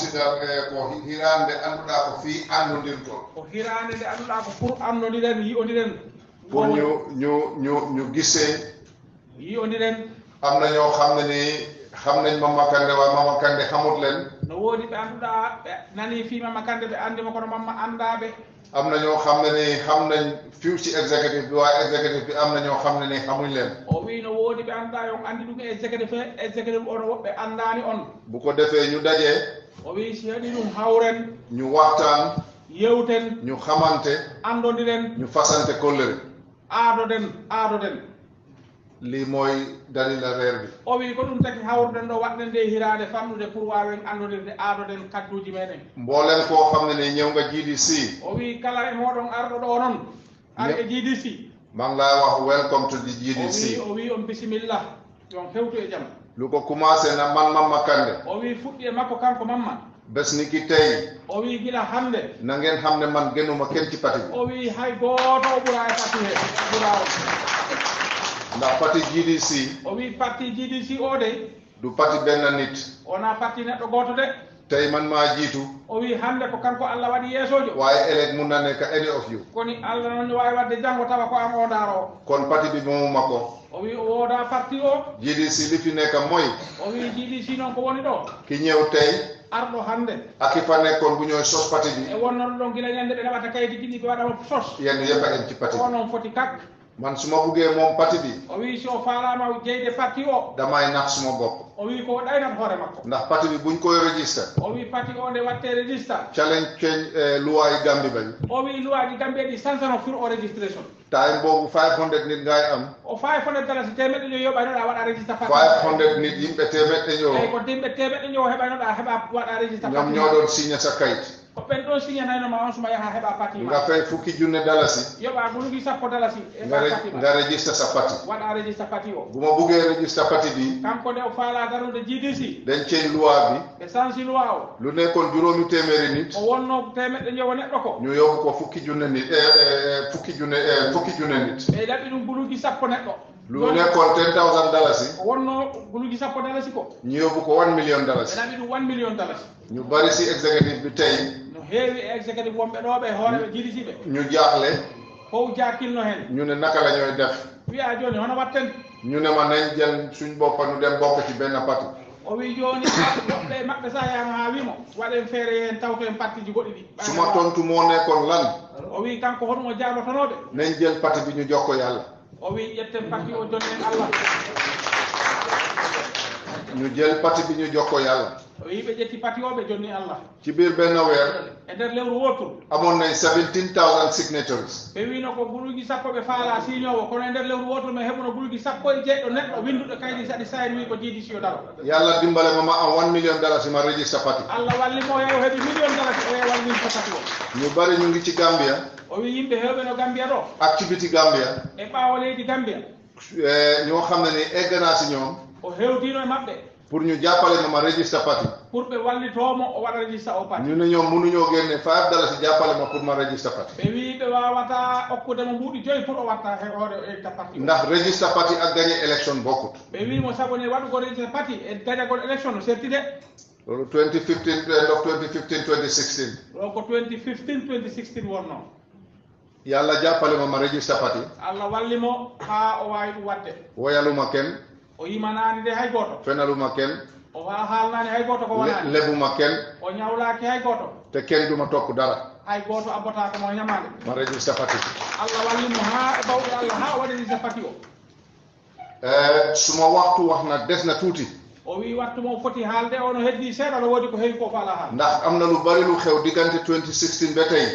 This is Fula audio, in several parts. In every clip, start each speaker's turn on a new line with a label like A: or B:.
A: musidarɓe ko hirande nde annduɗa ko fi annodir ton ko hirande nde annduɗa ko pour annodiren yiyodiren pour ño ño ño ño guisse yiyodiren am naño xamnani xam nañ mamakande wa mamakande xamut len
B: no woodi ɓe annduɗa ɓe nani fi mamakande ɓe andima kono mamma andaɓe
A: am naño xam nani xam nañ fiw ci exécutif bi wa exécutif bi am naño xam nani xamuñ len
B: o wi no woodi ɓe annduɗa yon andi ɗum exécutif e exécutif ono woɓɓe andani on
A: bu ko defee ñu daje o wi si waɗi ɗum hawren ñu wattan yewten ñu xamante
B: andodiren ñu fasante kolleri aadoden aadoden
A: li mooy dalila reer bi
B: o wi ko ɗum taki hawrden ɗo waɗnen nde hiraade famɗude pour waawen andodirde aadoden kadduji meɗen mboolen koo xam ne ne ñewga gdc o wi kala e mooɗon arɗo ɗo noon ar e gdc
A: mang la wax welcome to the gdc
B: o wi on bisimillah yon hewtu e jam
A: luko commencé na man mamma kande
B: o wi fuɗɗi e makko kanko mamma
A: besniki tawi
B: o wi gila hande
A: nangen hamde man guenuma kenci pati
B: o wi hay goto o ɓuura e pati he ɓuura
A: nda pati gdc
B: o wi parti gdc o de
A: du pati benna
B: nit ona parti neɗɗo goto de
A: tawi man ma jiitu
B: o wi hande ko kanko allah waɗi yeesojo wawi
A: élég mum nanne ka any of you
B: koni allah nonne wawi wadde janggo tawa ko an odaro o kon patiɓi
A: mumu makko
B: o wi o woda parti o
A: jiiɗi si lifine kam moy
B: o wi jiiɗi si noon ko woni ɗo
A: ki ñew tawi
B: arɗo hande
A: akkipane kon buñoy sos pati e ɗi e
B: wonnoɗo ɗon guila ñande ɗe heɓata kayiti jiɗi ko waɗamo sos yenno yebba en cippati o noon foti kak
A: man suma ɓuge moom pati ɗi
B: o wi so falama jeyde parti o
A: dama e nak suma goppo
B: o wi ko ɗaynat hoore makko
A: ndax pati ɓi ɓuñ koye régistre
B: o wi pati o nde watte régistre
A: challenge ceñ e eh, loi i gambi ɓay
B: o wi loi ji gambie ɗi sansano fur o registration
A: ta en boobu 500 nit ngay am
B: o 500 dala so temeɗɗe ñoo yoɓaynoɗa waɗa régistre 500 nit
A: yimɓe temeɗɗe ñoo ey ko
B: yimɓe temeɗɗe ñoo heɓaynoɗa heɓa waɗa régistre ñom ñoo ɗon signe sa kayit ɓen ɗon signe nayno ma on suma yaha heɓa patima nga pay
A: fukki junne dalasi
B: yoɓa ɓurgi sappo dalasi e nga registre sa pati waɗa registre pati o guma
A: ɓuge registre pati ɗi
B: kanko nde o faala darude jidi si ɗen ceñ loi bi ɓe sansi loi o
A: lune kon juromi temeri nit o wonno temeɗɗe jowo neɗɗo ko ñu yogu ko fukki junne nit e, e,
B: e fukki junne
A: e fukki junne nit
B: ɓe ɗaɓi ɗum ɓurugi sappo neɗɗo
A: lune kon ten thousand dalasi o
B: wonno guluji sappo dalasi ko ñiyogu ko one million dalasi ɓe ɗaɓi ɗum one million dalasi ñu bari ci executive bi tey ñu heewi executive wonɓe ɗo ɓe hoore ɓe jiɗitiɓe ñu jaaxle fof no hen ñu ne naka la ñooy def wiya joni hono watten ñu ne ma
A: nañ jël suñ boppa ñu dem bokk ci benn parti
B: o wi joni woɓɓe maɓɓe sa yama ha wimo waɗen feere hen tawto en parti ji goɗɗi ɗi suma tontu mo nekkoon lan o wi kanko honmo jaabatonoɓe
A: nañ jël parti bi ñu jokko yalla
B: o wi ƴetten parti o jonnen allah
A: ñu jël parti bi ñu jokko yalla
B: yimɓe ƴetti patioɓe jonni allah
A: ci bir benna weer
B: e nder lewru wotru
A: amon nay seventeen thousand signatories
B: ɓe wino ko guluji sappo ɓe faala siñowo kono e nder lewru wotru mi heɓuno guluji sappo e jeɗɗo neɗɗo winduɗo kaydi saɗi sayen wi ko jiidi siyo daro yallah
A: dimbale mama an one million dalas ima registre pati
B: allah wallimo o yeew heeɓi million dalas o yew wallimto pati o
A: mi bari ñu gicci gambia
B: o wi yimɓe hewɓe no gambia ɗo
A: activité gambia
B: e ɓawo leydi gambia
A: e eh, ño xam ne ni egganasi ñoom
B: o hewtino e maɓɓe
A: pour ñu jàppale ma ma registre pati
B: pour ɓe wallitoomo o waɗa registre o pati ñun ñoom
A: munuñoo génne faaf dala si jàppale ma pour ma registre pati
B: ɓe wii ɓe waawata okkude mo mbuuɗi joyi pour o watta hoore ta e pati
A: ndax registre pati ak gagné élection bokkut
B: ɓe wii mo sabu ne waɗugo registre pati e dañagol élection no certi de
A: loolu 2015 ndok 2015 2016
B: oko 2015 2016 wonno
A: yàlla jàppale ma ma registre pati
B: allah walli mo haa o waawi ɗum waɗde
A: woyaluma kenn
B: o de hay goto
A: fenaluma ken
B: o wa halnani hay goto ko wala lebuma ken o ñawlaki hay goto
A: te ken duma tok dara
B: hay goto ko moy ñamade
A: ma reju safati
B: allah wallimo ha e allah ha wadi ni safati o
A: eh suma waktu wahna desna tuuti
B: o wi wattu mo foti haalde ono heddi seeda no woodi ko heewi ko fala ha
A: ndax am na lu bari lu xew diggante 2016 be tay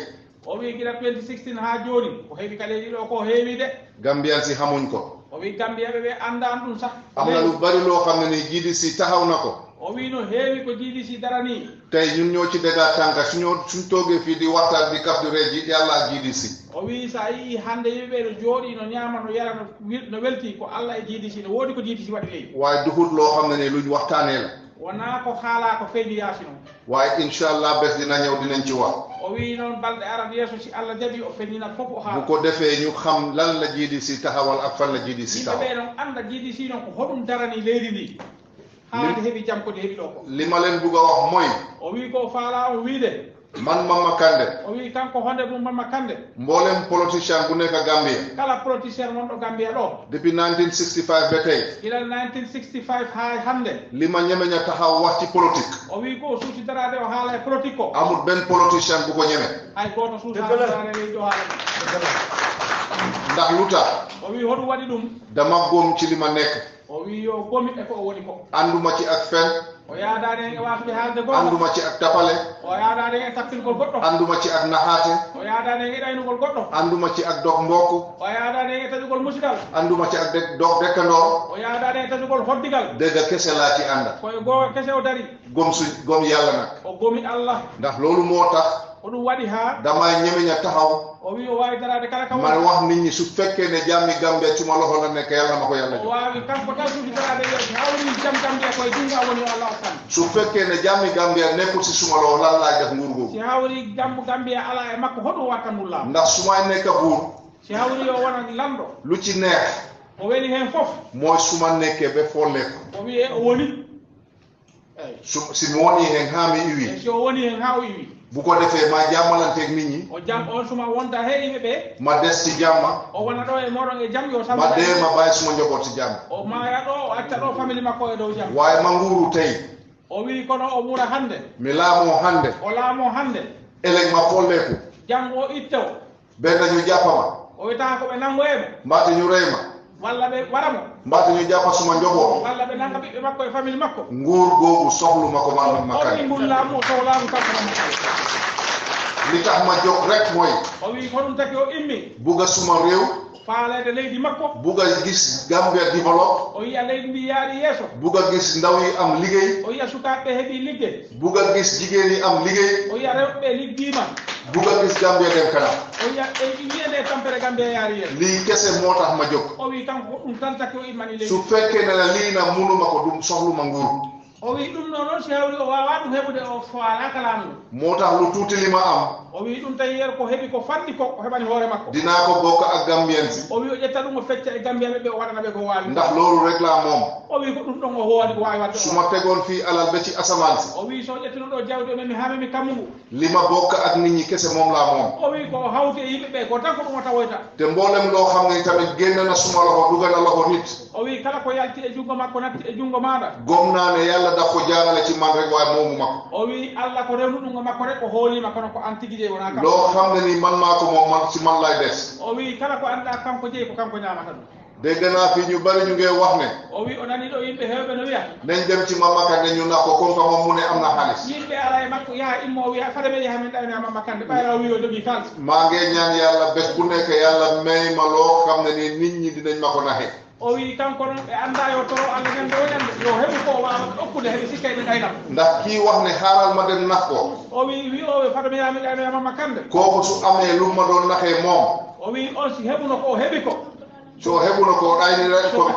B: o wi gila 2016 ha jooni ko heewi kaleeji ɗo ko heewi de
A: gambian si xamuñ ko
B: o wi gambiyaɓe ɓe anndan ɗum sa amna ɗum
A: mbaɗi ɗo kam ne ni jiiɗii si tahawna ko
B: o wi no heewi ko jiiɗii si darani
A: tawi ñum ñooci daga tanka suño suñtooge fiiɗi wartaɗe ɗi kafdure jiiɗi allah jiiɗii si
B: o wi so a yii hannde yimɓe no jooɗi no ñaama no yara no welti ko allah e jiiɗii si no woodi ko jiiɗii si waɗi ley
A: waawi duhurɗo o kam ne ni luñ wartaaneela
B: wonaa ko haalaa ko feeñoyaasi noon
A: waawi inchallah besɗi na ñawɗi nen ciwa
B: o wi noon balɗe aran yeeso si allah jaɓi o fenninat fof o haa ko
A: defee ñu xam lan la jiidi si tahawal ak fan la jiidi si tawa yimɓe ɓe
B: noon annda jiidi si noon ko hoɗum darani leydi ndi haade heɓi jam kodi heɓi ɗo ko
A: lima len buga wax moy
B: o wi ko faala o wiide man mamma kande o wi kanko honde mum mamma kande mbolen
A: politicien ngu neka
B: gambia kala politicien wonɗo gambia ɗo
A: depuis 1965 be tey
B: ilal 1965 ha hande
A: lima ñemeña taha watti politique
B: o wi goo suuti darade o haala e politique ko amut
A: ben politicien ngu ko ñeme
B: hay goto suutaaareleyjo haala e ndax luta o wi hoɗum waɗi ɗum
A: damaggoom cilima nekka
B: o wi yo gomiɗe ko o woni ko anduma ci ak fen o yadani e wasude haalde goo anduma ci ak tapale o yadani e sattingol goɗɗo anduma ci ak nahaate o yadani e ɗaynugol goɗɗo
A: anduma ci ak dok mbokku
B: o yadani e tadugol musgal
A: anduma ci ak dok dekkandoor
B: o yadani e tadugol hoddigal dega kese laati anda koye goo kese o dari
A: gom su gom yalla nak
B: o gomi allah
A: ndax loolu moo tax
B: ko ɗum waɗi ha damay
A: ñemeña taxaw
B: o wi o wawi darade kala kam mae wah
A: nit ñi su fekkee ne jammi gambia cuma loxo na nekk yalla ma ko yalla jo
B: wawi kanko tan suufi darade e yoti hawri jam gambia koye junga woni allah osan
A: su fekkee ne jammi gambia nekkul si suma loxo lan laa e def nguur ngugu si
B: hawri jam gambia ala e makko hoɗo watta ndulla ndax sumay e nekk huur si hawri o wona lamɗo
A: lu ci neex
B: o weni heen fof
A: mooy suma nekkee ɓe fo lekk
B: o wiye o woni
A: eyi si mi woni heen haa mi iwi
B: si o woni heen haa o iwi
A: bu ko defee ma jàmmalante nit ñi ma des si jàmma
B: e e ma dee ma
A: bàyyi suma njoboot si jàmm
B: e waaye ma
A: nguuru tey mi laamoo hande eleg ma folleeku benn ñu
B: jàppama
A: mbaate ñu rey ma
B: walla ɓe waramo
A: mbaɗo ye japa suma jogo walla
B: ɓe nanga ɓiɓɓe makko e famille makko
A: nguur googu sohlu mako ma makkari kau, laamu
B: o sohlaamu kanko ma li tax ma jog rek moy o wi hoɗum taki o immi buga suma rew faalede leydi makko buga gis gambia développe o yiya leydi ndi yaaɗi yeeso buga gis ndaw yi am liggéey o suka sukaaɓe heɓi liggéey buga gis
A: jigéen yi am liggéey o yiya rewɓe liggiima dugamis gambie ɗen kana
B: li kese mootax ma jog so fekke nana
A: lina munuma ko ɗum sohluma nguru
B: o wi ɗum noo noon sewri o wawa ɗum heɓude o fala kalamu
A: mota lu tutilima am
B: o wi ɗum tawi yer ko heeɓi ko fanɗi ko o heɓani hoore makko
A: dina ko bokka a gambiyensi
B: o wi o ƴetta ɗum o fecca e gambiyane ɓe o waɗana ɓe ko wawi ndax lowru réclame om o wi ko ɗum ɗon o howani ko wawi wadde suma tegon fi alal beci asamansi o wi so ƴettino ɗo jawdi o memi hamemi kammugu
A: lima bokka ak nit ñi kese momlam om
B: o wi ko hawti e yimɓeɓe ko tan ko ɗum o tawoyta
A: te mbolem ɗo kamne tamit gennana suma loho dugana loho nit
B: o wi kala ko yalti e junngo makko natti e junngo maɗa
A: gomnane yal allah dakko jaarale ci man rek waay momu makko
B: o wi allah ko rewnuɗuga e makko rek o hoolima kono ko an tigi jeyi wona kam loo
A: xamne ni man maako moom man si man lay
B: dees o wi kala ko anda kanko jeyi ko kanko ñaamata ɗum
A: dégga naa fii ñu bari ñu ngee wax ne
B: o wi o nani ɗo yimɓe heewɓe no wiya
A: nañ dem ci mamakande ñu nakko comme que moom mu ne am na xaalis
B: yimɓe ara e makko yaha immo wiya fare me yaha min ɗaynaa mamakande ɓaya
A: wi o jogii kalis maa ngee ñaan yàlla bés bu nekk yàlla may ma loo xam ne ni nit ñi dinañ ma ko naxe
B: o wii tanko noon ɓe annda yo toro allah ñande woñande yo heɓu ko wawa ɗokkude heɓe sikka ɓe gaynam
A: dakki wahne haalal maden nakko
B: o wi wi owe fadame yami ɗayno yama makkande koko so
A: amee lumma ɗon nake moom
B: o wi on si heɓuno ko o heɓi ko
A: so heɓuno ko ɗayni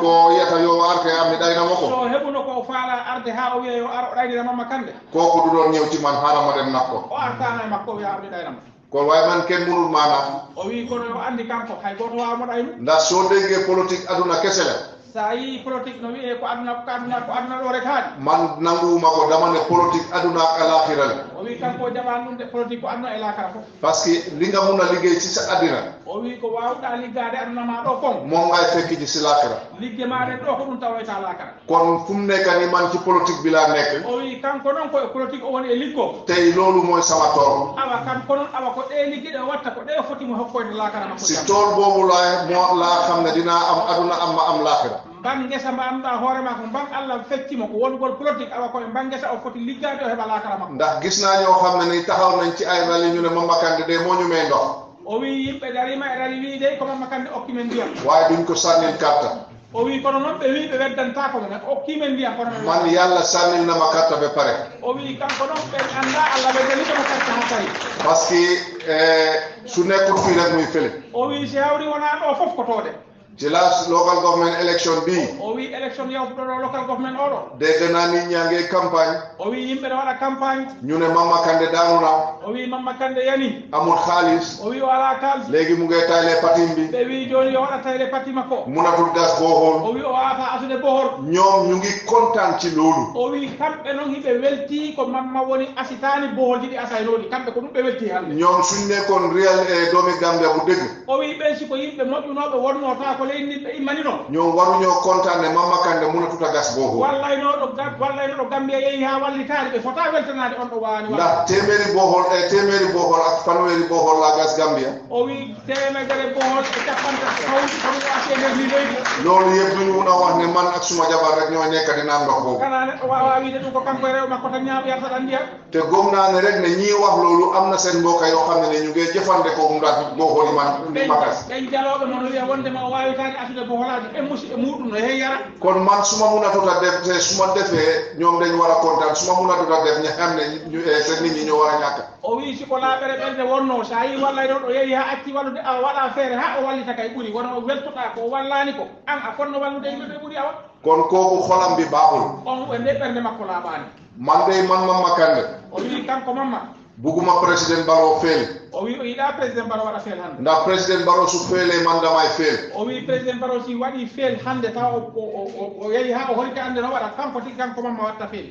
A: ko yiyata yo arde ami ɗaynamo ko so
B: heɓuno ko faala arde ha o wiya yo ar o ɗaynira mamma kande
A: koko ɗuɗon ñewtiman haalal maden nakko o artanae
B: makko wiya ami ɗaynamo
A: kono wawi man kembunul manam
B: o wi kono o andi kanko hay goto wawa moɗa ynu e
A: nda so dengue politique aduna kesele
B: sa yi politique no wiye ko aduna ko aduna ko aduna ɗo rek haali
A: man nangumako damane politique aduna ko alakhirale
B: o wi kanko jaɓan ɗum de politique ko anno e lakara fof
A: par ce que ligga muna liggey ci sa adina
B: o wi ko wawɗa liggade aduna ma ɗo fon mon
A: ay fekkiji si lakara
B: ligge maɗe ɗo ko ɗum tawayta lakara
A: kon fum nekani man ci politique bila nek
B: o wi kanko noon koye politique o woni e liggo
A: tawi lolu moye sama tor
B: awa kanko noon awa ko ɗe ligge ɗe watta ko ɗe fotimo hokkoyde lakara makko si
A: tol bomu la mo la kamne dina am aduna amma am lakara
B: mbam ngesa mba anduɗa hoore ma ko mbam allah feccima ko wongol politique awa koye mba ngesa o foti liggade o heɓala kala makko ndax
A: gisnaño xam ne ni taxaw nañ ci ay rali ñu ne mamakande de moñumee ndox
B: o wi yimɓe darima e rali wi de ko mamakande okkimen ndiyam waye ɗum ko sannin karta o wi kono noon ɓe wi ɓe weddanta ko men okkimen ndiyam kono man yallah sanninnama karta ɓe pare o wi kanko noon ɓe annda allah ɓe dalitama karta ha tawi
A: par ce que eh, su nekkut fi rek muy fele
B: o wi si hawri wona ɗo foof ko tooɗe
A: jelas local government election bi
B: o wi élection yawtoɗo local government oɗo
A: de denami ñangue campagne
B: o wi yimɓe ne waɗa campagne ñune mamma kande danuna o wi mamma kande yani amoud halis o wi o ala kalis leegui mu gue tayle parti mbi ɓe wi joni yo waɗa tayle parti makko mounatoud gas bohol o wi o wawata asude bohol ñoom ñugui contant ci lolu o wi kamɓe noon hiɓe welti ko mamma woni asitani bohol jiɗi asa noni kamɓe ko ɗum ɓe welti hande
A: ñoom sunne kon réel e domi gambia ko deug
B: o wi ɓen siko yimɓe moƴƴunoɓe wonnota leyni ɓe immani noo
A: ñoo waruñoo contane mammakande muna tuta gas bo ho wallay
B: no ɗo wallay no ɗo gambia yehi ha wallitaali ɓe fota weltanade on ɗo waani nda
A: temeri bohol e eh, temeri bohol ak fanweri bohol la gas gambia
B: o wi temedere bohol e capantaaaaemeri leydi
A: loolu yebduñu wuna wax ne man ak suma jabar rek ñoo nekkadi naan ndox boobu kana
B: neɗɗo wawa wiide ɗum ko kanko e rew makko tan ñaaɓo yar saɗa ndiyam
A: te gom naane rek ne ñii wax loolu am na seen mbokka yoo xam ne ne ñu ngee jëfande ko umdat bohol man makas
B: ɓen jalooɓe noon wiya wondema o wawi defaani aduna bo holaade e musi e muɗum no heeyara
A: kono man suma munatota def e suma defee ñoom dañ wara contan suma munatota def ñ hemne e eh, se nit ñi ñoo war a ñàkka
B: o wii siko laaɓere ɓelnde wonnoo so a yii wallay noon o yehi haa acci wallude a waɗa feere haa o wallita kay ɓuri wono o weltotaa ko wallaani ko an a fonno wallude yimɓe ɓuri awa
A: kono koko holambi baɓol
B: on e nde ɓernde makko laaɓaani
A: man dey man mamma kannde
B: o wii kanko mamma
A: buguma président baro feel
B: o wi o yiɗaa président baro waɗa feel hannde ndaa président
A: baro so feele mandama e feel
B: o wi président baro si waɗii feel hannde taw o yehi haa o holki annde no waɗa kanko tigi kanko mamma watta feel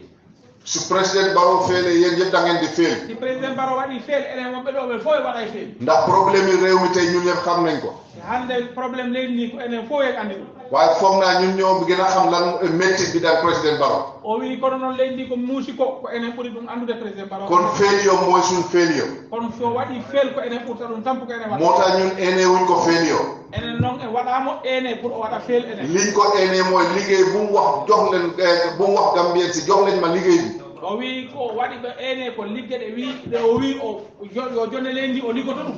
A: so président baro feele yen yeddan en de feel si
B: président baro waɗii feel enen wonɓe ɗo ɓe fof e waɗa e feel
A: ndaa probléme i rewmi tey ñun yeɓ kamnen ko
B: hannde probléme leydi ndi ko enen fof yeg anndi ɗum
A: waawi foomnaa ñun ñoo mbigina xam lan e métti mbiɗan président baro
B: o wii kono noon leydi ndi ko muusi ko ko enen ɓuri ɗum anndude président baro kono failio mooy sun failio kono so waɗi fail ko enen ɓurta ɗum tampu ko enen waɗa moota ñun ene woni ko failio enen noon en waɗaamo ene pour o waɗa fail enen liñ ko
A: ene mooy liggéey bum wax joxlen eh, bum wax gambien si joxlen ma liggéey ɗum
B: o wii ko waɗi ɗo ene ko liggue ɗe wii ɗe o wii o yo jonne leydi ndi o liggoto ɗum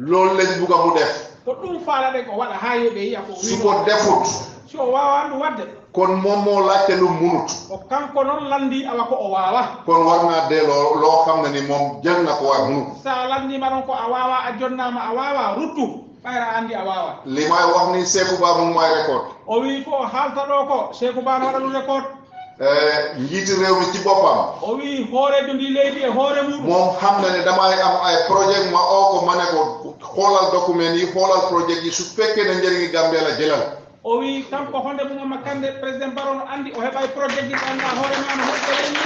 A: loolu lañ bugga mu def
B: ko ɗum faalade ko waɗa haa yoɓe yiya ko suko defut so waawandu wadde
A: kon moom moo
B: laajte lu munut o kanko noon lanndi awa ko o waawa
A: kon war naa de loo loo xam ne ni moom jagna ko war munut
B: so a lanndima ron ko a waawa a jonnaama a waawa ruttu ɓayra anndi a waawa li may
A: wax ni seeku baanu may record
B: o wii fo o haalta ɗoo ko seeku
A: baanu waɗa lu record eh, njiiti rew mi ci boppam o wii hoore jondi leydi e hoore muɗum moom xam ne ne damay am ay projet ma o ko mane ko xoolal document yi xoolal projet yi su fekkee ne njëriñi gambia la jëlal
B: o wii tan ko honde mum ma kande président barono anndi o heɓay projet ji ɗannda hoore maano hoɗo leydi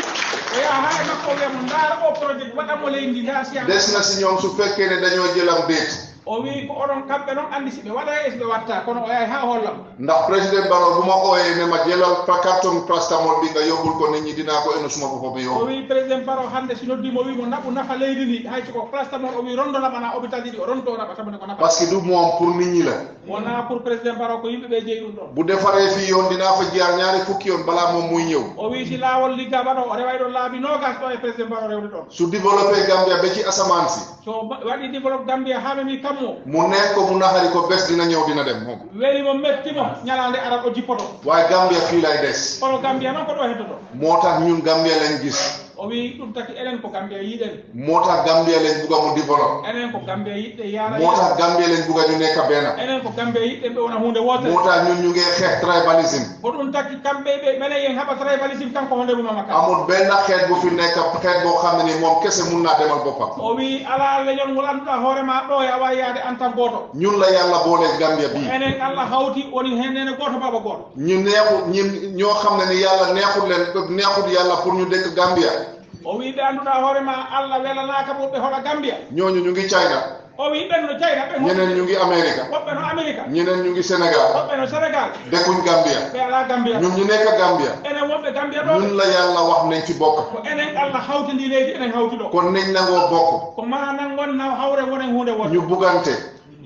B: o yaha haa makko wiya mo ndaara o projet waɗamo leydi ndi ndaa siya desna si ñoom su fekkee ne
A: dañoo jëlam beeti
B: o wi ko oɗon kamɓe noon anndi si ɓe waɗa e so ɓe watta kono o yahi haa hollam
A: ndax président bala ruma o e mema jelal pacarton prastamol ɗi ga yobbol ko neñidina ko eno suma fofoɓe yo o
B: wi président baro hannde si noddima o wi mo naɓu nafa leydi ndi hay soko prastamol o wi rondo naɓana hôpital ɗiɗi o ronto naɓa tamone ko naɓa par ce que
A: ɗum moom pour nit ñi la
B: wona pour président baro ko yimɓeɓe jeyi ɗum ɗon bu defare
A: fi yon ndina fa jeyal ñaari fukki on bala moom muy ñëw
B: o wi si laawol ligga baɗo o rewa ɗon laabi nogas ɗo e président baro rewde ɗon so développé gambia ɓe ci asamane si so waɗi développe gambia haa memi kam mo mu nekk mu naxari ko bes
A: dina ñëw dina dem moom
B: weli mo metti mo ñalaande ara ko jippoto
A: gambia fii lay des
B: kono gambia noon ko ɗo heddoto
A: moo ñun gambia lañ gis
B: o wi ɗum taki enen ko gambia yiɗen
A: mota gambia len buga mo difono
B: enen ko gambia yiɗɗe yara mota gambia len buga ñu neka bena enen ko gambia yiɗɗe ɓe wona hunde wotere mota ñun ñu ngee xeet tribalisme ko ɗum taki kamɓe ɓe mene yen haɓa tribalisme kanko honde ruma makka amud benna xeet bo fi
A: neka xeet bo xam ni mom kese munna demal boppam o
B: wi ala leñol ngol anduɗa hoore ma ɗo e awa yaade en tant goto
A: ñun la yalla boone gambia bi enen
B: allah hawti woni hen nene goto baba goto
A: ñu neexu ñin ñoo xam ne ni yalla neexul len neexul yalla pour ñu dekk gambia
B: o wi ɓe annduɗa hoorema allah welanaka mum ɓe hoɗa gambia
A: ñooñu ñu ngi thayna
B: o wi ɓen no thayna ɓe ñenen ñu ngi amérique woɓɓe no amérique
A: ñenen ñu ngi sénégal woɓɓe no
B: sénégal dekuñ gambia ɓe ala gambia ñun ñu nekka gambia enen woɓɓe gambia ɗo ñun la yalla wax nañ ci bokk ko enen allah hawtindi leydi enen hawti ɗo kon nañ nangoo bokk ko ma nangon na hawre wonen hunde won ñu bugante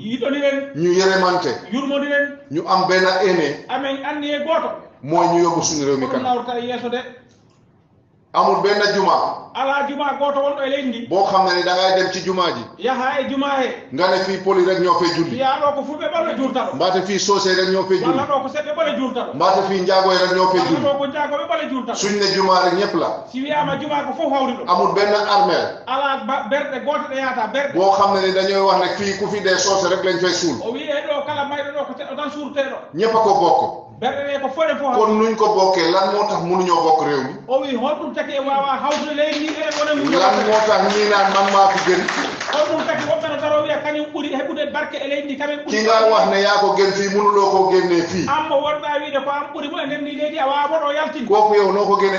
B: yiɗoniren
A: ñu yeremante yurmodiren ñu am benn aine
B: amen anniye gooto
A: mooy ñu yóbbu suñu réew mi kan
B: nawrta e yeeso de amul benn juma ala juma goto won ɗo e leydi
A: ndi bo xamna ni dangay dem ci jumaji yaha e juma he ngane fi poli rek ñoo fay julli ya
B: ɗo ko fulɓe ɓale
A: jurtaɗo mbata fi socé rek ñoo fay julli wala ɗo
B: ko seɓɓe ɓale jurtaɗo mbata fi njaago rek ñoo fay julli ko njaagoɓe ɓale jurtaɗo suñne juma rek ñepp la si wiyama juma ko fof hawri ɗo amul benn armer ala berɗe goto ɗe yata berɗe bo xamna ni dañoy wax nek fi ku fi de socé rek lañ fay suul o wi e ɗo kala mayɗo ɗo ko seɗɗo tan surteɗo ñeppa ko bokko berere ko fone fof kon nuñ
A: ko bokke lan moo tax munuñoo bokk réew mi
B: o wi holɗum taki e wawa hawde ley ni ee wonelan moo tax
A: ñiinaan man maa fi gen
B: holɗum taki woɓɓene garo wiya kañum ɓuri heɓude barke e ley ndi kañum ɓuri kinga wax ne yaa ko
A: gen fii munuloo ko gennee fii
B: anmo wonɗa wiide ko an ɓuri mum e ndenndi leydi a wawa moɗo yaltin koko yeew noo ko gene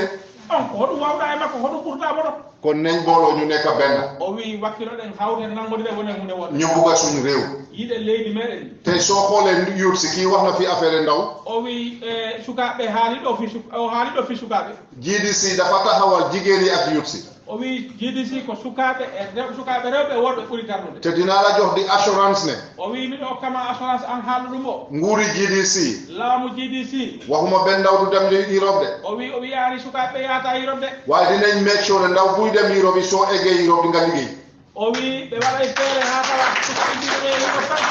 B: on ko hoɗum wawɗa e makko hoɗum ɓurɗa moɗo
A: kon neñ booloo ñu nekka benna
B: o wi wakkiloɗen hawde nanngodire e wonel mune woɗ ñu buga suñ réew yiɗe leydi meɗen
A: te sokole yur siki waxna fi affaire ndaw
B: o wi e, sukaɓe haaliɗo fi o haaliɗo fi sukaɓe
A: jidisi dafa tahawal jigéeni ak yursi
B: o wi jidisi ko sukaɓe e, sukaɓe rewɓe worɓe ɓuuri tardude te dinala jox di assurance ne o wi miɗo hokkama assurance an haalu ɗum o
A: nguuri jidisi
B: laamu jidisi
A: waxuma ɓen ndawdu demde irobe de
B: o wi o wiyaani sukaɓe yaata irobe de
A: waawi dinañ make sure ndaw buy dem irobe so égue irobe ɗi ngandi gey
B: o wi ɓe waɗay feere ha tawa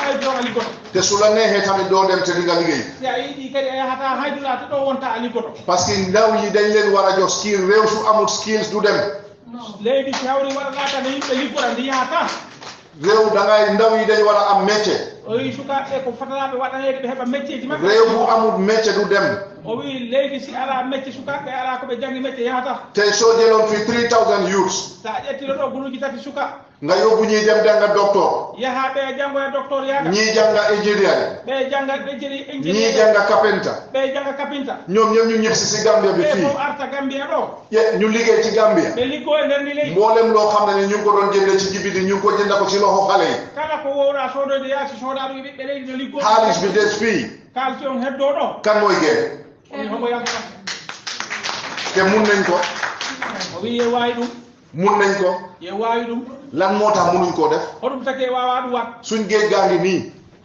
B: e
A: te sulane he tami doonen te ɗiga liggey
B: si a yiɗi kadi a yahata haydula te ɗo wonta a liggoto
A: par ce que ndawyi dañ leen wara jo skill rew su amut skills du dem leydi cawri waɗana tane yimɓe liggora ndi yaha tan rew dangay ndawyi dañ wara am métier
B: owi sukaɓe ko fatanaɓe waɗanede ɓe heɓa métier ji mabɓe rew bu amut métier du dem o wi leydi si ala métier sukaɓe ala koɓe jangi métier yahata
A: te so jelon fi 3 000 youths
B: sa ƴettiɗo ɗo guluji tati suka
A: nga yóbbu ñii dem denga docteur
B: yaha ɓe jangoya docteur yaa ñii jannga ingénieur ɓe jannga ingénieur ñii jannga capinta ɓe jannga capinta
A: ñoom ñoom ñu ñëg si si gambia bi fii
B: arta gambia ɗo e ñu liggéey ci gambia ɓe liggoo e nder ni lay mboolem loo xam ne ni ñu ngi ko doon jënde ci jibi di ñu ngi ko jënda ko si loxo xale yi kala ko wowra soodoyde yaa si soodaaru yi ɓiɓɓe leydi no liggoo xaalis bi des fii kaalis on heddoo ɗo
A: kan mooy geen te mun nañ ko o wiyee waawi ɗum mun nañ ko
B: ye waayidum
A: lan moo tax munuñ koo def
B: hoɗum take wawa ɗum wat
A: suñ géej gaa ngi nii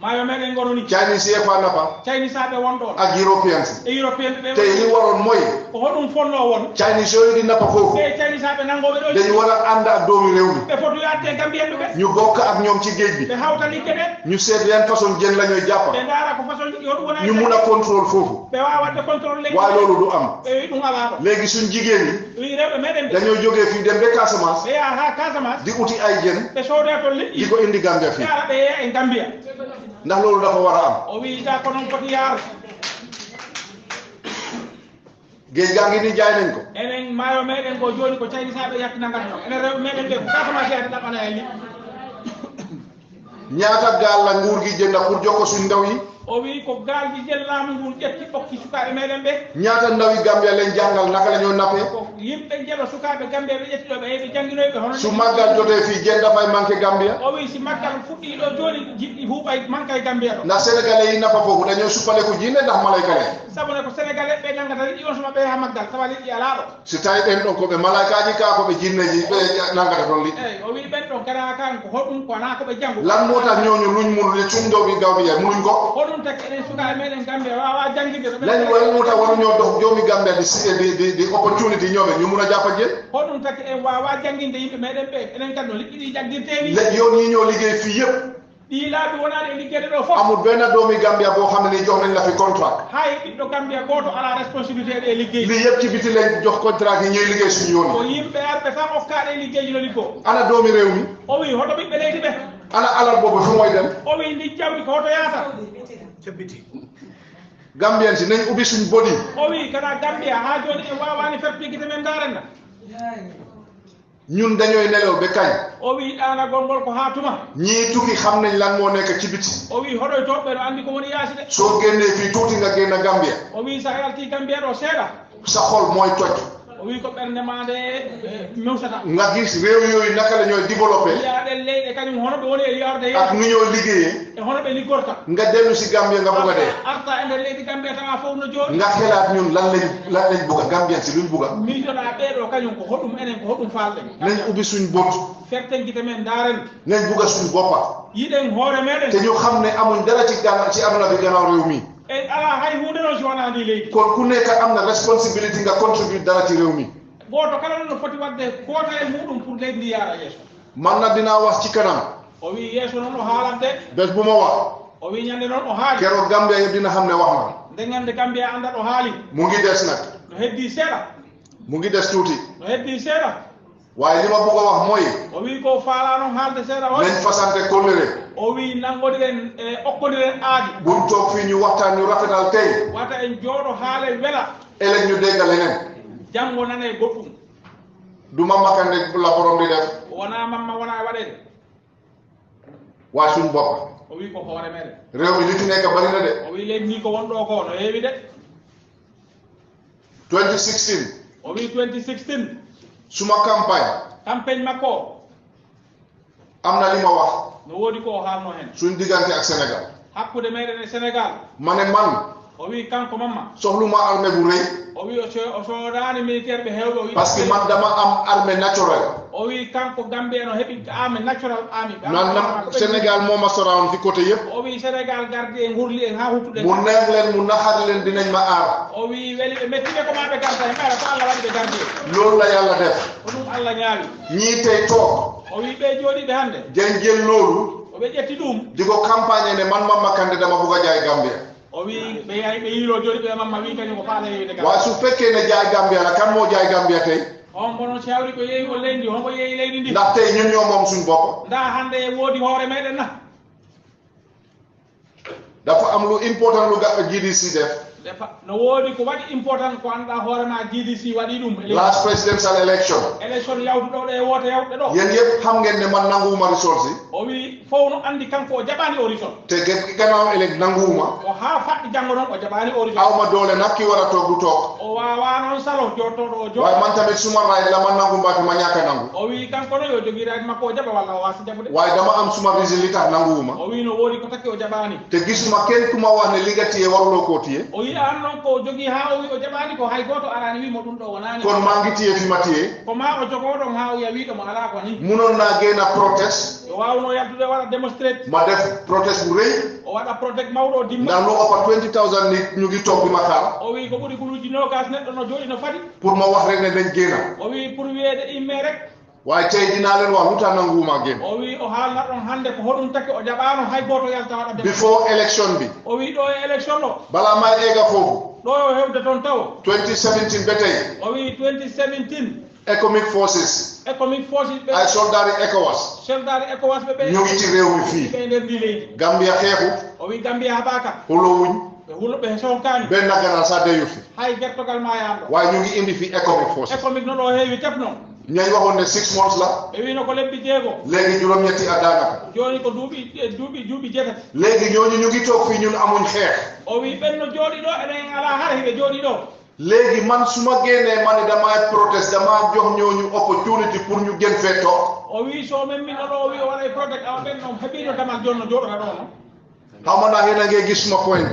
B: maayo meɗen ngononi chinese yee fa nafa chinisaɓe wonɗon ak européen e européen ɓe te yi waron moye ko hoɗum fonno won
A: chinise yo yiɗi nafa fof ɓe
B: chinisaɓe nangoɓe ɗo ɓeyi waran
A: anda ak domi rewdi
B: ɓe foto yadde e gambiyen ɗuɓe ñu gokka
A: ak ñoom ci geej bi ɓe
B: hawta ligge ɓe
A: ñu seede yen façon jen lañoy jappa ɓe
B: ndaara ko façon ligge hoɗum wona ñu muna contrôle foofu ɓe wawa wadde contrôle wa loolu du am ɓeyi ɗum alaako
A: léegi suñ jigéeni
B: rewɓe meɗen dañoy jogee fi dem ɓe casamance ɓe yaa ha casamance di uti ay jen ɓe soodee to leƴƴi
A: di ko indi gambia fi
B: ɓe yeeya e gambia
A: ndax loolu dafa war a am géej gaa ngi ni jaay nañ ko
B: enen maayo meeɗen ko jooni ko cayni saaɓe yatti nangat no ene rew meeɗen ɓe kasamajeede ɗaɓana e ni
A: ñaata gaal la nguur gi jënda pour jokko suñ ndaw yi
B: o wii ko gaalji jel laamu ngun ƴetti ɓokki sukaaɓe meɗen ɓe
A: ñaata nawi gambia len janngal naka le ñoo nafe
B: yimɓe jelo sukaaɓe gambia ɓe ƴettiɗo ɓe heɓe jannginoyɓe hono so maggal jotoe fii jeɗɗafa e manque gambia o wii si maggal fuɗɗi ɗo jooni jiɗɗi huuɓa manque e gambia ɗo na sénégalais
A: yi nafa fof ɗañoo suppale ko jinne ndax malaika le
B: sabu ne ko sénégalais ɓe nanngata liɗɗi on so maɓɓe ha maggal tawa liɗɗi alaa ɗo
A: si tawi ɓen ɗon ko ɓe malaikaji ka ko ɓe jinneji ɓe nanngata toon liɗɗi
B: eyi o wii ɓen ɗon gara kan ko hoɗum ko ana ko ɓe janngu lan mootat ñooño luñ mun nde cumdowi gawmiyay e muluñ ko hoɗum ɗum taki eɗen suka e meɗen gambe wawa jangideɗolañi wa wuta wonu ñoddo
A: joomi gambe ɗi ɗi opportunité ñoomen ñumuna jappa jeel
B: hoɗum taki en wawa jangginde yimɓe meɗen ɓe enen kam no liggiɗi jangguirteni yo ñiño ligguey fi yeep ɗi laaɓi wonaɗe e liggede ɗo foof amadou benna domi
A: gambia bo hamni joxnen lafi contrat
B: hay ɓiɗɗo gambia goto ala responsabilité ɗe
A: liggey li yeɓti bitile jox contrat ki ñoy liggey so ñoni o
B: yimɓe arɓe tan ofkaɗe liggeyji no liggo ana domi rewmi o wi hoto ɓiɓɓe leydi ɓe ala alarbobo tumoy den o wi ndi jawdi ko hoto yaata cebbiti
A: gambia si nañ ubi suñ boni
B: o wi kata gambia ha joni e wawani fertigide men darenna
A: ñun dañoy nelew ɓe kañ
B: o wi ɗana gongol ko ha tuma ñii tuki xam nañ lan mo neka cibiti o wi hoɗoy toɓɓe ɗo andi ko woni yaasi de so genne fi tuuti nga genna gambia o wi sa yalti gambia ɗo seeɗa
A: sa xol mooy cocc
B: o wi ko ɓernde ma nde e, mewtata ngakis
A: rewyoyi nakala ñoo développé
B: yaaɗen leyɗe kañum hono ɓe woni e yarde ak nu ñoo liggéeye e hono ɓe liggorta nga
A: dellu si gambie nga buga de
B: arta e nder leydi gambie tawa fof no jooɗi nga helaat ñun lan lañ
A: lan lañ buga gambien si lun buga
B: miijoɗa ɓeeɗo kañum ko hoɗum enen ko hoɗum falɗen nañ ubi suñ bot fertenguite men daren nañ buga suñ boppa yiɗen hoore meɗen te ñu xam ne amuñ dara ci gan ci aduna bi ganaw rew mi e ala hay hunde noon jonandi leydi kono kunne ka amna
A: responsibilité nga contribue darati rew mi
B: goto kala ɗo no foti wadde kooto e muɗum pour leydi ndi yaara yesso
A: mannaddina was cikkanam
B: o wi yesso noon o haalande bes buma wa o wi ñande noon o haali kero gambia
A: heddina hamne wax ma
B: nde gande gambia anda ɗo haali
A: mo gui des nak
B: no heddi seeɗa mo gui des tuuti no heddi seeɗa waye lima buga wax moy o wi ko falano halde seeda o men fasante kolere o wi nangodiren e okkodiren aadi bun tok fi ñu waxtan ñu rafetal tay wata en jodo haale wela
A: elek ñu degal lenen jango nane goddum e duma makande la borom di def
B: wana mamma wana waden
A: wa sun bop
B: o wi ko hore mere rew mi litu nek bari na de o wi len ni ko wondo ko no hewi de
A: 2016
B: o wi 2016 suma campagne campagne makko am na li ma wax no woodi ko o haalno hen
A: suñ digante ak sénégal
B: hakkude meɗen e sénégal
A: mane man
B: o wi kanko mamma
A: sohluma armé bu rey
B: o wi o soodani militaire ɓe hewɓe o wi par ce que mandama am armé naturel o wi kanko gambi en o heɓi ami naturel ami nannam sénégal
A: moma sora on fi côté yépp
B: o wi sénégal gardi e gurli en ha huttuɗe mo nen len
A: mo nahar len dinañ ma ara
B: o wi weli ɓe mettiɓe ko maɓe garda he ɓeyta ko allah waɗiɓe gardi
A: lolu la yallah def
B: ko ɗum allah ñaawi
A: ñiite took o wi ɓe jooɗiɓe hande jen jel lolu
B: oɓe ƴetti ɗum
A: digo campagne ene man mamma kandidama buga dia e gambia wa su fekkee ne jaay Gambia la kan moo jaay Gambia tey
B: on bono cawri ko yeeyi o leydi homo yeeyi leydi ndi ndaxte ñun ñoo moom
A: suñ bopp
B: nda hannde woodi hoore meɗen na
A: dafa am lu important lu ga GDC def
B: defa no woodi ko waɗi important ko annduɗa hoorema jiidi si waɗi ɗum last presidential election élection yawtu ɗo ɗo e woota yawɓe ɗo yen yeb
A: hamgenne man nanngu uma resorsi
B: o wi fof no anndi kanko o jaɓani orison
A: te ganaw élec e nanngu uma
B: o ha faɗɗi janngo noon o jaɓani orison awma doole nakki wara togdu took o wawa noon salo jottoɗo o jowa man tamit sumarraye laman nanngu mbaato mañaka nanngu o wi kanko no yo jogiraade makko o jaɓa walla o wasa jaɓude way dama am sumarrisi litat nanngu uma o wi no woodi ko takki o jaɓani te gisma
A: kenkuma wa ne ligatiye warlo ko tiye o
B: yi wii aan noon ko jogii haa o wii o jaɓaani ko hay gooto araani wiimo ɗum ɗo wonaani kono maa ngitti yetimatie ko maa o jogoo ɗon haa o wiya wii ɗo mo alaa ko ni munonnaa geena protest o waawnoo yaddude waɗa démonstrate ma def protest mo rey o waɗa protect mawɗo o dimma ndaa noo opa
A: 20000 ni ñugi toɓɓi makaa o
B: wii ko ɓuri guluuji noogas neɗɗo no jooɗi no fadi pour ma wax rek ne leñ geena o wii pour wiyeede immee rek
A: waawi teydinaalen wa hutanno nguuma gen o
B: wii o haalnat ɗon hannde ko hoɗum taki o jaɓaano hay gooto yalta waɗa de before élection mbi o wii ɗo e élection ɗo bala may eega fofu ɗo o e heɓde toon taw 2017 betey o wii 2017 economic forces economic forces ay soldari écowas soldari écowas ɓeɓe ñowiti rewmi fii ɓe nder di leydi
A: gambia xeexu
B: o wii gambia haɓaaka holo
A: wuñ hulo ɓe sohkaani ɓe nagganaa so deyufi
B: hay gertogal ma yaamɗo
A: waawi ñu ngi indi fii economic forces
B: economic no ɗo heewi tef non
A: ñay waxoon ne six months la
B: ewino ko lebbi jeego
A: léegi juróom ñetti addaana
B: ko jooni ko duuɓi e duuɓi juuɓi jetat léegi
A: ñooñu ñu ngi toog fii ñun amuñ xeex
B: o wii ɓen no jooɗiɗo enen alaa xar hiɓe jooɗiɗo léegi
A: man su ma génnee ma ne damaa protest damaa jox ñooñu opportunité pour ñu gën fee toog
B: o wii soo men min oɗo o wii o waɗay protect awa ɓen noon heɓiino damal joon no jooɗota ɗoo non
A: xaw ma ndax yena ngee gis suma point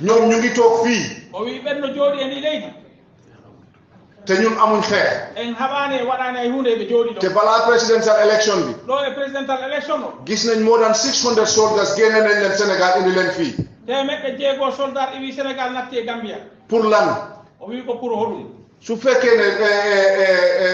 A: ñoom ñu ngi toog
B: fii o wii ɓen no jooɗi e ni leydi
A: te ñun amuñ xeex
B: en habaane waɗaane ay hunde ɓe jooɗi ɗo te bala présidental élection bi ɗo e présidental élection o gis nañ moo
A: dan 600 soldats génne nañ leen sénégal indi leen fii
B: temeɗɗe jeegoo soldat iwi sénégal nattie gambia pour lan o wii ko pour holum
A: su fekkee ne e, e, e,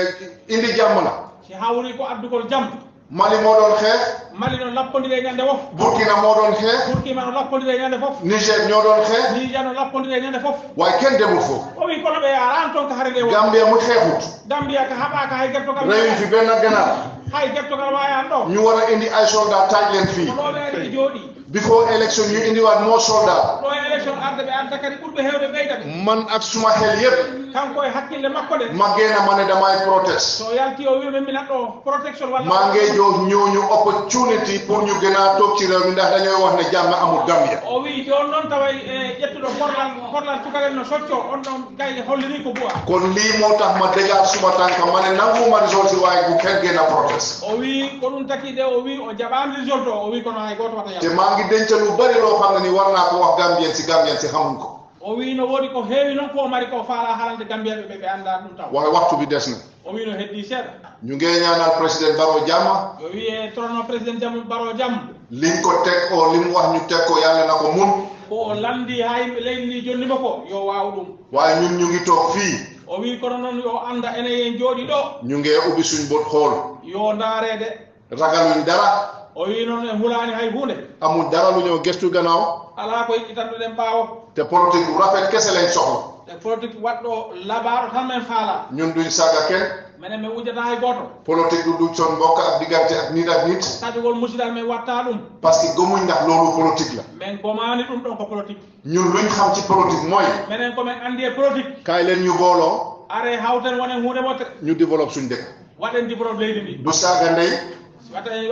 A: indi jàmm la
B: si hawri ko addugol jàmm
A: mali moo doon xeex
B: mali noon lappondiree ñannde fof burkina moo doon xeex burkina noon lappondiree ñannde fof niger ñoo doon xeex niger noon lappondiree ñannde fof waaye kenn demul foof owi kono ɓe aan toon ko harele gambia mu xeexut gambia ko haɓaaka hay gertogal rewi fi benn genal hay gertogal waayaan ɗo ñu war a indi ay soldat taaj leen fii ko looɓeere jooɗi biko élection yo indi waat mo soldat ɗo élection arde ɓe arda kadi ɓurɓe hewde ɓeydaɓe man ak suma hel yeɓ kanko e hakkille makko de maggena mane dama e protest so yalti o wima minat ɗo protection walla mangejo ñooñu opportunity pour ñu
A: gena tobci rewmi ndax dañoy wonde jamme amou gambia
B: o wi joon noon taway e, e ƴettuɗo korlal korlal cukalel no socco on ɗon gayle hollini ko bowa
A: kon li mo tax ma dégat suma tanka mane nangguma résolt i wawi ko ken gena protest
B: o wi ko ɗum takkide o wi o jaɓani résolt o o wi kono hay goto watayaa waɗi
A: dencal u bari lo xam ne ni warna ko wax gambien si gambien si xamum ko
B: o wi no woodi ko heewi noon ko mari ko faala halande gambien ɓe ɓe anda ɗum taw waa waktu bi desna o wi no heddi seeɗa
A: ñu ngeñanal président baro jamma
B: o wiye trono président jamm baro jamm
A: lin ko teg o lim wax ñu teg ko yalle na ko mun
B: ko o landi ha yimɓe leydini jonnima ko yo waaw ɗum
A: waaye ñun ñu ngi toog fii
B: o wi kono noon yo anda enen en jooɗi ɗo
A: ñu nge uɓi suñ bot xool
B: yo ndaarede
A: ragaluñ dara
B: o wi noon en hulaani hay huunde
A: amum daraluño o gestugana o
B: ala ko yiƴitanɗo ɗen ɓaawo te politique rafet keselen sohla te politique waɗɗo labaaro tan men faala ñun
A: ɗum saga ken
B: minen mi wujjata hay e gooto
A: politique ɗu ɗum son mbokka digante at nidat nit
B: kadi won musidal min watta ɗum
A: par ce que gomuñ ndax loolu politique la
B: min gomaani ɗum ɗon ko politique ñun luñ xam ci politique mooy minen komin anndi e
A: politique kay len ñu booloo are hawten wonen huunde wotere ñu développe suñ dëkk
B: waɗen développe leydi ndi du saga ndey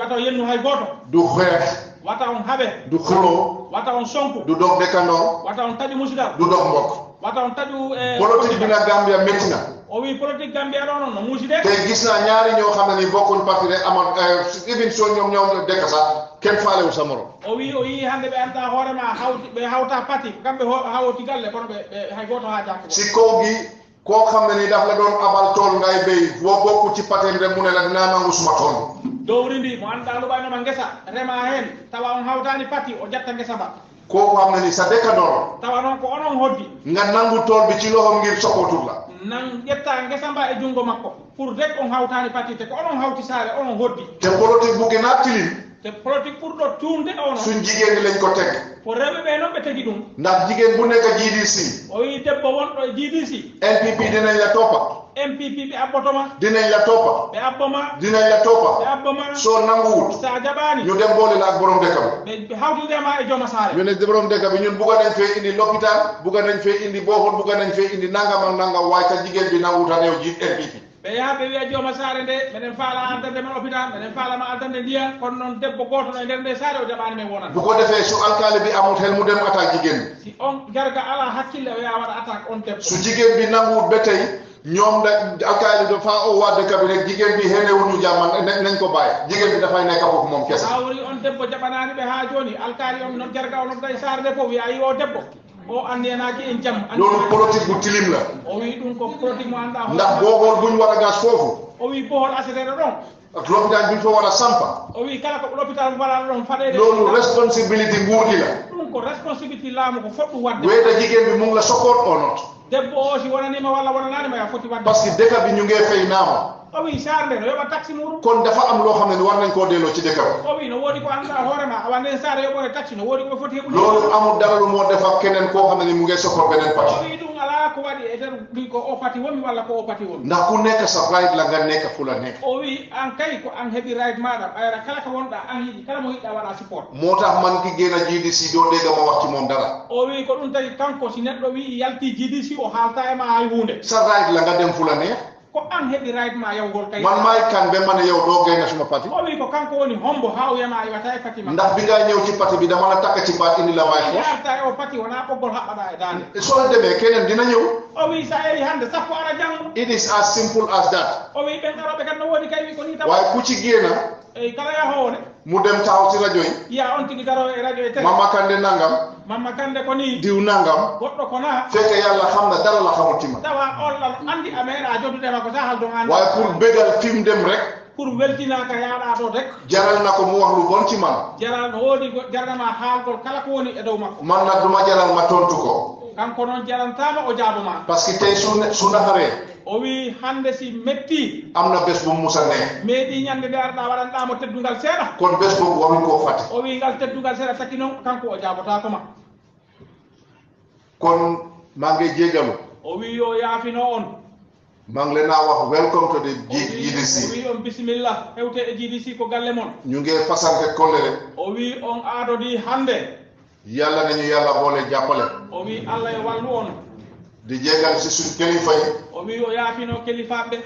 B: wata yenndu hay gooto du hees wata on habe du hulo wata on sonku du dok de kandor wata on taƴi musidal du dok mbok wata on taƴu e, politique bina gambia mettina o wi politique gambia ɗo noon no muside te
A: gisna ñaari ñoo xam ne ni bokkun parti de amon e, ivin so ñoom ñoom dekka sa ken faale u samoro
B: o wi o yi hande ɓe anda hoorema hawti ɓe hawta pati kamɓe hawti galle kono ɓe hay gooto ha jakko
A: si kow gi ko xam ne ni daf la doon abal tool ngay béy boo bokk ci patin rek mu ne la dinaa nangu suma tool
B: dowri ndi mo anda lu bayno ma ngesa rema hen tawa on hawtani pati o jatta ngesa ba
A: ko xam ne ni sa deka noro
B: tawa non ko onon hoddi
A: nga nangu tool bi ci loxom ngir sokotul la
B: nan ƴetta ngesa mba e junngo makko pour rek on hawtani pati te ko onon hawti saare onon hoddi te politique
A: bugi naa tilim
B: te projet pour ɗo tuurde ono suñ jigéen ni lañ ko teg ko rewɓe ɓe noon ɓe tegi ɗum
A: ndax jigéen bu nekk gdc
B: o wi debbo wonɗo e gdc npp dinañ la toppa npp ɓe abbotoma dinañ la toppa ɓe abboma dinañ la toppa ɓe abboma so nanguwut sa jaɓani ñu dem boole laak borom deka bi ɓe hawtudema e joma saare
A: ñu ne borom deka bi ñun buga nañ fe indi l' hôpital buga nañ fe indi bofol buga nañ fe indi nangam ak nangam waay ta jigéen bi nanguwutaneew ji npp
B: ɓe yaha ɓe wiya jooma saare nde minen faala aldande men hôpital minen faalama aldande ndiya kono noon debbo gooto no e nder nde saare o jaɓani men wonan duko defee so alkaali mbi amut hel mu dem attaque jigen si on jarga ala hakkille o yaha waɗa attaque on debbo so
A: jigen mbi nangu betey ñoomda alkaali de fa o wadde cabinet jigen mbi hene wuñu jaman nañ ko baye jigen mbi dafay ne kafof mom kesa
B: awri on debbo jaɓanani ɓe ha joni alkaali on no jarga o noddaye saare nde fof wiya yi o debbo o anndenaaki en jam ɗoon politique mo tilim la o wii ɗum ko politique mo annda ndax boohol
A: buñ waɗa gas foofu
B: o wii boohol asetere ɗon
A: lopitan ɗum fo waɗa sampa
B: o wii kala ko l'hôpital waɗaɗo ɗon faɗede loolu responsibilité nguurɗi la ɗum ko responsibilité laamu ko foɗɗu waɗde weyde jigen ɓe mum la sokot o not debbo oosi wonanima walla wonanaanima a foti waɗde par ce que déka ɓe ñungee feynaama o wi sar nde no yoɓa taxi muɗum kon dafa am loo xam
A: ne no war nañ koo deeloo ci dëkka
B: o wi no woodi ko anndal hoore ma awa nden sar yoɓore taxi no woodi koɓe foti heɓu loolu amul daralu
A: moo defa keneen koo xam ne ni mu ngey sokkor beneen pati owi
B: ɗum alaa ko waɗi etan wi ko o pati wonmi walla ko o pati wonmi ndax ku nekka sa rayit la nga nekka fula nekka o wi an kay ko an heɓi rayit maɗa ɓayra kala ko wonɗa an yiɗi kala mo yiɗɗa waɗa support
A: moo tax man ki geena jiidi si joo ɗeega ma wakti moom dara
B: o wi ko ɗum tawi kanko si neɗɗo wi yalti jiidi si o haalta e ma hay hunde sa rayit la nga dem fula neeka ko an heɓi rayde ma yawgol kay man may kanɓe mana e yaw ɗo gayna suma pati o wi ko kanko woni hombo ha o yana yiwata e, e pati ma ndax mbiga ñew ci pati bi damana takka ci bat inila may fo arta e o pati wona ɓoggol haɓɓaɗa e dande
A: sol deme kenen dina ñew
B: o wi sa ari hande sappo ara jango
A: it is as simple as that
B: o wi ɓen aroɓe kadno woodi kay wi ko ni tawa way kuci giena eyi kala yahowo ne
A: mu dem tawti radio
B: yi ya ontini garo e radio et mama kande nangam mama kande koni diw nangam goddo kona fete yalla
A: xamna dara la xamu tima
B: tawa olal andi amera jodu dema ko sahal do an way pour begal film dem rek pour weltina ka yaada do rek jaral nako
A: mu wax lu bon ci man
B: jaral hodi jarama xal gol kala ko woni e dow mako man na duma jaral ma tontu ko kanko non jarantama o jaabuma par ce que tay suna xare o wi hande si metti amna bes bu musa ne meeɗi arda waran da mo teddugal seeɗa kon bes bu wami ko fati o wi ngal teddugal seeɗa taki noon kanko o ko ma
A: kon mangay jeegalu
B: o wi yo yaafino on
A: mang lena wax welcome to the GDC o wi
B: on bismillah hewte e GDC ko galle mon
A: ñu ngey fasante kolere
B: o wi on di hande yalla ñu yalla boole jappale o wi allah e wallu on di jeegal si suñ kilifa yi o wi o yaafino kilifaa ɓe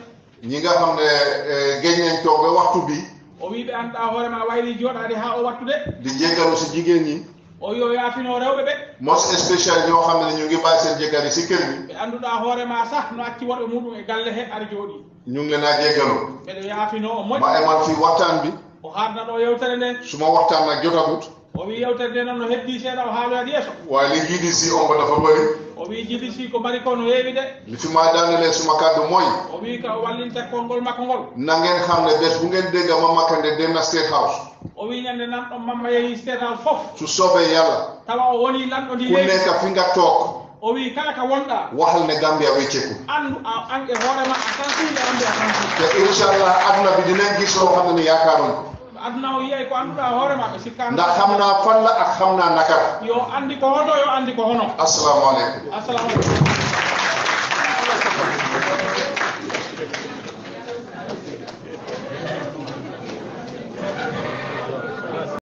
B: ñi nga
A: xam ne e, geññen to ɓe waxtu bi
B: o wi ɓe anduɗa hoore ma wayli jooɗaade haa o wattu de di jeegal
A: aussi jigéen ñi
B: o wi o yaafino rewɓe ɓe mos spécial
A: ñoo xam ne ñu ngi mbaawi seen jeggali si kër bi
B: ɓe anduɗa hoore ma sax no acci woɗɓe muɗum e galle he ar jooɗi
A: ñu ngi leena jeegalu
B: ɓeɗe yaafino o moƴ ma emal fii waxtaan bi o haarna ɗo yewtere nde
A: suma waxtaan na jotagut
B: o wi yewtere nde noon no heddi seeɗa o haaloyat yeeso waa li jiiɗi si ombo dafa bëri o wi jilisi ko mbari ko no heewi de mi tuma daane le suma kaddu moy o wi ka wallinte konngol makko ngol
A: nangen xamne bes bu ngen dégga mamaka nde denna state house
B: o wi ñande nan ɗo mamma yehi state house fof
A: su sobe yalla
B: tawa o woni lanɗo ndi ku neka finga took o wi kala ka wonɗa wahal ne gambia wecce ku andu a an e hoorema a tan suuje ambi a tan suuje te inchallah
A: aduna bi dinen gisoo xam nani yakaaron
B: aduna o yiyay ko annduɗa hoore maɓe sikkanda hamna
A: falla a hamna nakara
B: yo anndi ko hono yo anndi ko hono assalamu aleykum assalamu aleykum